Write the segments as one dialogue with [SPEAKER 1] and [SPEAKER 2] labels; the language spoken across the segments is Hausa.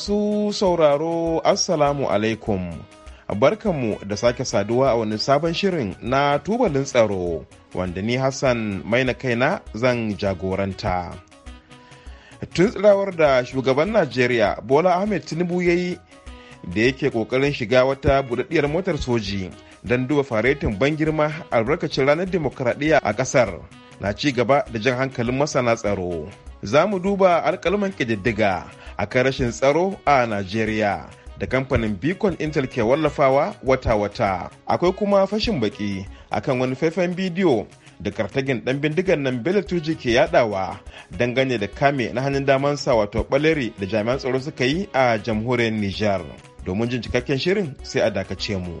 [SPEAKER 1] Masu sauraro Assalamu alaikum. Barkanmu da sake saduwa a wani sabon shirin na tubalin tsaro wanda ni Hassan maina kaina zan jagoranta. Tun tsirawar da shugaban Najeriya Bola Ahmed Tinubu ya yi da yake kokarin shiga wata budaddiyar motar soji don duba faretin ban girma albarkacin ranar dimokuraɗiyya a ƙasar na ci gaba da jan hankalin masana tsaro. za mu duba alkalman ƙididdiga a kan rashin tsaro a Najeriya da kamfanin Beacon Intel ke wallafawa wata-wata. Akwai kuma fashin baki kan wani faifan bidiyo da kartagin ɗan bindigan nan Bello ke yadawa dangane da kame na hannun damansa wato ɓaleri da jami'an tsaro suka yi a jamhuriyar Nijar. Domin jin cikakken shirin sai a dakace mu.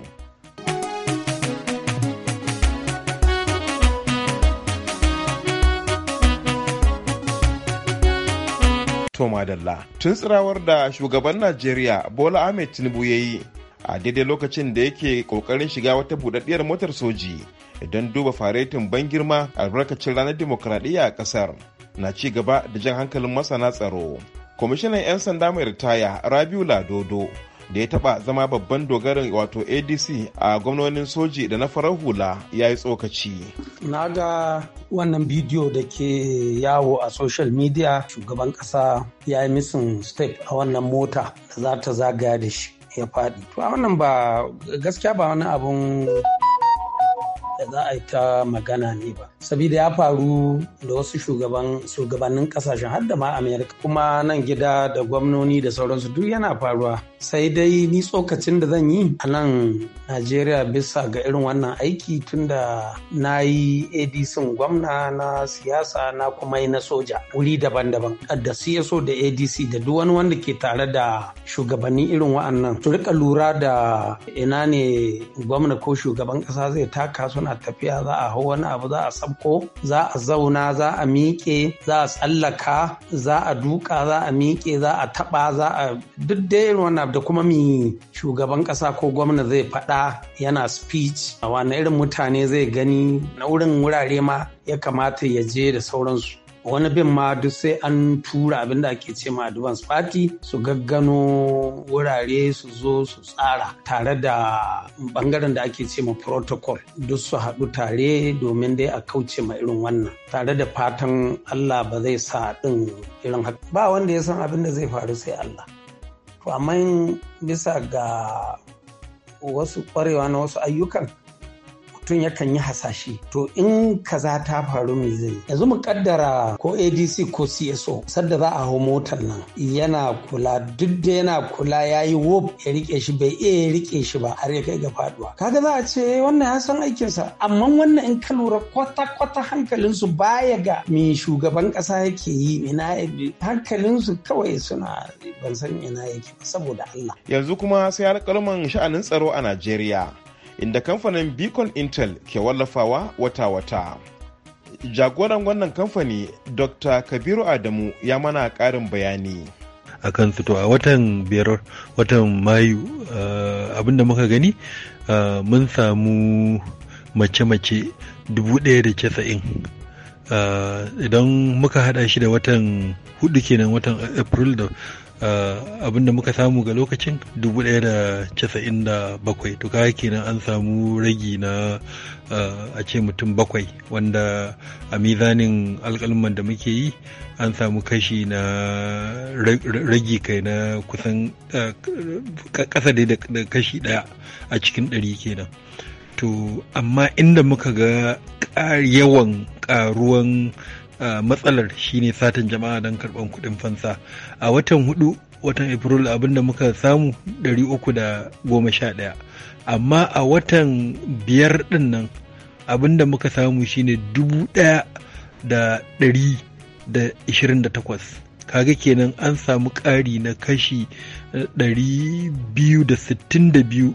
[SPEAKER 1] madalla, tun tsirawar da shugaban Najeriya Bola Ahmed Tinubu ya yi a daidai lokacin da yake kokarin shiga wata budaddiyar motar soji don duba faretin ban girma albarkacin ranar dimokuraɗiyya a ƙasar na ci gaba da jan hankalin masana tsaro. Kwamishinan 'yan sanda mai ritaya Rabiu Ladodo da ya taba zama babban dogarin wato adc a gwamnonin soji da na farar hula ya yi tsokaci
[SPEAKER 2] na ga wannan bidiyo da ke yawo a social media shugaban kasa ya yi misin step a wannan mota da za ta zagaya da shi ya faɗi to a wannan ba gaskiya ba wani abun da za a yi ta magana ne ba sabida ya faru da wasu shugabannin kasashen har da ma amerika kuma nan gida da gwamnoni da sauransu duk yana faruwa sai dai ni tsokacin da zan yi a nan najeriya bisa ga irin wannan aiki tunda na yi adc gwamna na siyasa na kuma yi na soja wuri daban-daban da cso da adc da duwani wanda ke tare da shugabannin irin wa'annan su rika lura da ina ne gwamna ko shugaban kasa zai taka suna tafiya za a hau wani abu za a sabko za a zauna za a miƙe za a tsallaka za a duka za a miƙe za a taɓa za a duk dai irin wannan da kuma mi shugaban ƙasa ko gwamna zai faɗa yana speech a wani irin mutane zai gani na wurin wurare ma ya kamata ya je da sauransu wani bin ma duk sai an tura abinda ake ce ma advance party su gaggano wurare su zo su tsara tare da bangaren da ake ce ma protocol duk su haɗu tare domin dai a kauce ma irin wannan tare da fatan allah ba zai sa ɗin irin haka ba wanda ya san abin da zai faru sai allah to amma bisa ga wasu kwarewa na wasu ayyukan mutum yakan yi hasashe to in kaza ta faru me zai yanzu mu kaddara ko adc ko cso sadda za a hau motar nan yana kula duk da yana kula ya yi wop ya rike shi bai iya rike shi ba har ya kai ga faduwa kaga za a ce eh, wannan ya san aikinsa amma wannan in ka lura kwata-kwata hankalinsu baya ga me shugaban kasa yake yi ina hankalinsu kawai suna ban san ina yake ba saboda Allah
[SPEAKER 1] yanzu kuma sai kalman sha'anin tsaro a Najeriya inda kamfanin beacon intel ke wallafawa wata-wata jagoran wannan kamfani dr kabiru adamu ya mana ƙarin bayani
[SPEAKER 3] a kan fito a watan biyar watan mayu uh, eh, abinda muka gani uh, mun samu mace-mace uh, idan muka hada shi da watan hudu kenan watan april da Eh, abin da muka samu ga lokacin dubu ɗaya da casa'in bakwai to kaga kenan an samu ragi na eh, a ce mutum bakwai wanda a mizanin alkalman da muke yi an samu kashi na ragi kai na kusan eh, kasa da kashi ɗaya a cikin ɗari kenan to amma inda muka ga yawan ƙaruwan matsalar shine satin jama'a don karban kuɗin fansa a watan hudu watan april abinda muka samu 311 amma a watan biyar din nan abinda muka samu shine 1,128 kaga kenan an samu ƙari na kashi 262 eh,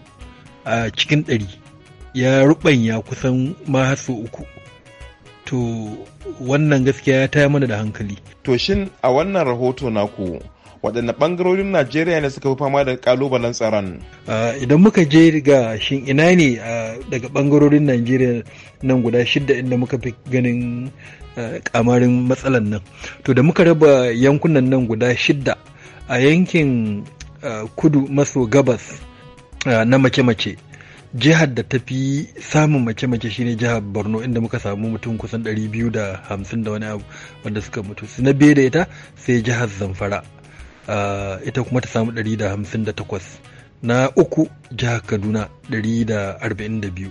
[SPEAKER 3] a cikin 100 ya rubanya kusan ma uku
[SPEAKER 1] to wannan gaskiya ya taya mana da hankali to shin a wannan rahoto naku waɗanne ɓangarorin najeriya ne suka fi fama da ƙalubalen tsaron idan
[SPEAKER 3] muka je ga shin ina ne daga ɓangarorin najeriya nan guda shidda inda muka fi ganin kamarin matsalan nan to da muka raba yankunan nan guda shidda a yankin kudu maso gabas na mace-mace jihar da ta fi samun mace-mace shine jihar borno inda muka samu mutum kusan 250 da wani abu wanda suka mutu na biye da ita sai jihar zamfara ah, ita kuma ta samu 158 na uku jihar kaduna 142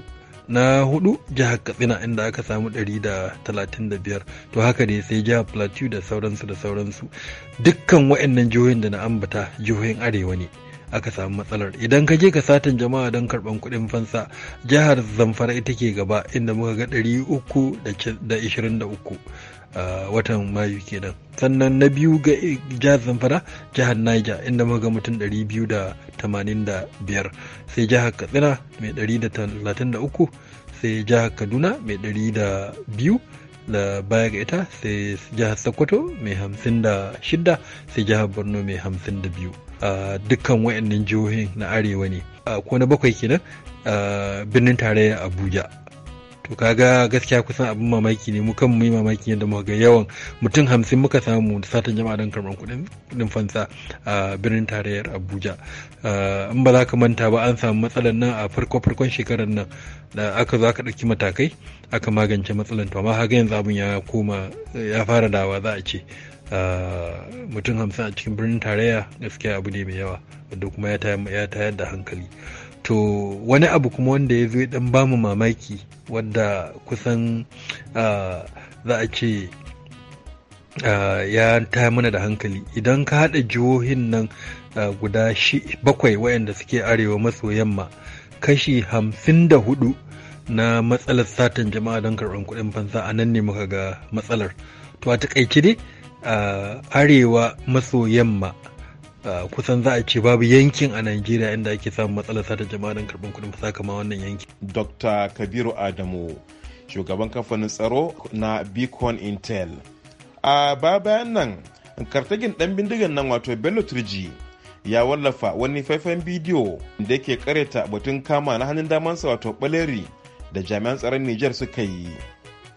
[SPEAKER 3] na hudu jihar katsina inda aka samu 135 to haka dai sai jihar plateau da sauransu da sauransu dukkan waɗannan jihohin da na ambata jihohin arewa ne aka samu matsalar idan ka je ka satan jama'a don karban kuɗin fansa jihar zamfara ita ke gaba inda muka ga 323 watan mayu kenan sannan na biyu ga jihar zamfara jihar niger inda muka ga mutum 285 sai jihar katsina mai 133 sai jihar kaduna mai 200 da baya ga ita sai jihar sokoto mai 56 sai jihar borno mai 52 dukkan wayannan jihohin na arewa ne ko na bakwai kenan birnin tarayya abuja to kaga gaskiya kusan abin mamaki ne mu kan mu yi mamaki yadda muka ga yawan mutum hamsin muka samu da satan jama'a don karɓar kuɗin fansa a birnin tarayyar abuja in ba za ka manta ba an samu matsalar nan a farko farkon shekarar nan da aka zo aka ɗauki matakai aka magance matsalar to amma haka yanzu abin ya koma ya fara dawa za a ce mutum hamsin a cikin birnin tarayya gaskiya abu ne mai yawa wanda kuma ya tayar da hankali to wani abu kuma wanda ya zo ya dan bamu mamaki wadda kusan za a ce ya taya mana da hankali idan ka haɗa jihohin nan guda bakwai wayanda suke arewa maso yamma kashi hamsin da hudu na matsalar satan jama'a don karɓar kuɗin fansa a nan ne muka ga matsalar to a taƙaice dai a arewa maso yamma kusan za a ce babu yankin a Najeriya inda ake samun matsalar sata jama'a
[SPEAKER 1] don karɓar kuɗin fasaka ma wannan yankin. Dr. Kabiru Adamu, shugaban kamfanin tsaro na Beacon Intel. A ba bayan nan, kartagin ɗan bindigan nan wato Bello Turji ya wallafa wani faifan bidiyo da yake kareta batun kama na hannun damansa wato ɓaleri da jami'an tsaron Nijar suka yi.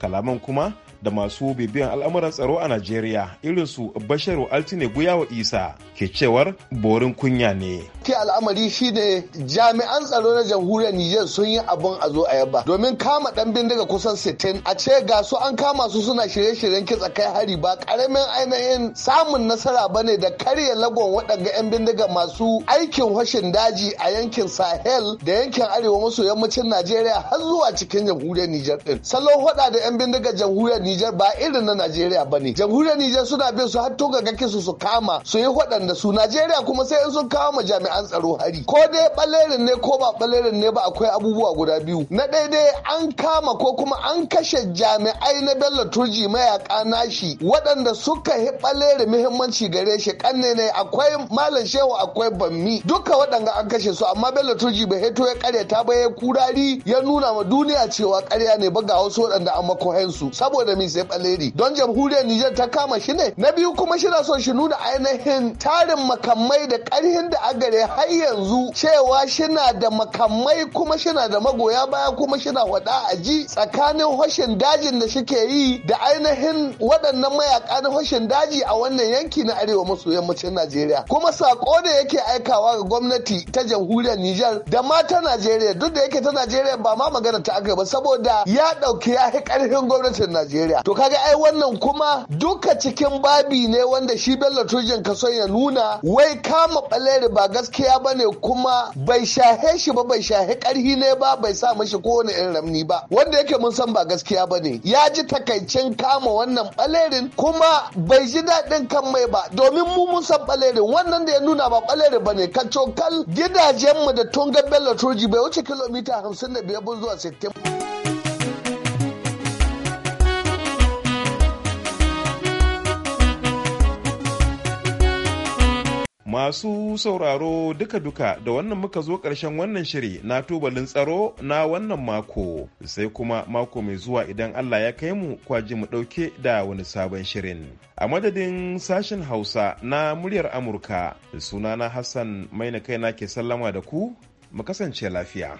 [SPEAKER 1] Kalaman kuma da masu bibiyan al'amuran tsaro a Najeriya irin su Basharu Altine Guyawa Isa ke cewar borin kunya ne.
[SPEAKER 4] Ke al'amari shine jami'an tsaro na jamhuriyar Nijar sun yi abun a zo a yaba domin kama dan bindiga kusan 60 a ce ga su an kama su suna shirye-shiryen kitsa kai hari ba karamin ainihin samun nasara bane da karya lagon waɗanga 'yan bindiga masu aikin hashin daji a yankin Sahel da yankin arewa maso yammacin Najeriya har zuwa cikin jamhuriyar Nijar din. Salon hoda da 'yan bindiga jamhuriyar Nijar ba irin na Najeriya ba ne. Jamhuriyar Nijar suna bin su har to ga su su kama su yi waɗanda su Najeriya kuma sai in sun kama ma jami'an tsaro hari. Ko dai ɓalerin ne ko ba ɓalerin ne ba akwai abubuwa guda biyu. Na daidai an kama ko kuma an kashe jami'ai na Bello Turji mayaka nashi waɗanda suka hi ɓalere muhimmanci gare shi ƙanne ne akwai Malam Shehu akwai Bammi duka waɗanda an kashe su amma Bello Turji bai hito ya karyata ba ya kurari ya nuna ma duniya cewa karya ne ba ga wasu waɗanda an makohensu su saboda sai baleri don jamhuriyar Nijar ta kama shi ne na biyu kuma shi na so shi nuna ainihin tarin makamai da karhin da agare har yanzu cewa shi na da makamai kuma shi na da magoya baya kuma shi na wada a ji tsakanin hoshin dajin da shike yi da ainihin waɗannan mayaka na hoshin daji a wannan yanki na arewa maso yammacin Najeriya kuma sako da yake aikawa ga gwamnati ta jamhuriyar Nijar da ma ta Najeriya duk da yake ta Najeriya ba ma magana ta aka ba saboda ya ɗauki ya karhin gwamnatin Najeriya Najeriya. To kaga ai wannan kuma duka cikin babi ne wanda shi Bello ka son ya nuna wai kama ɓaleri ba gaskiya ba ne kuma bai shahe shi ba bai shahe ƙarhi ne ba bai sa mashi kowane irin ramni ba wanda yake mun san ba gaskiya ba ne ya ji takaicin kama wannan ɓalerin kuma bai ji daɗin kan mai ba domin mu mun san ɓalerin wannan da ya nuna ba ɓalerin ba ne kacokal gidajenmu da tunga Bello Turji bai wuce kilomita 55 zuwa 60.
[SPEAKER 1] Masu sauraro duka-duka da wannan muka zo ƙarshen wannan shiri na tubalin tsaro na wannan mako, sai kuma mako mai zuwa idan Allah ya kai mu kwaji mu ɗauke da wani sabon shirin. A madadin sashen Hausa na muryar Amurka, sunana Hassan maina kaina ke sallama da ku, mu kasance lafiya.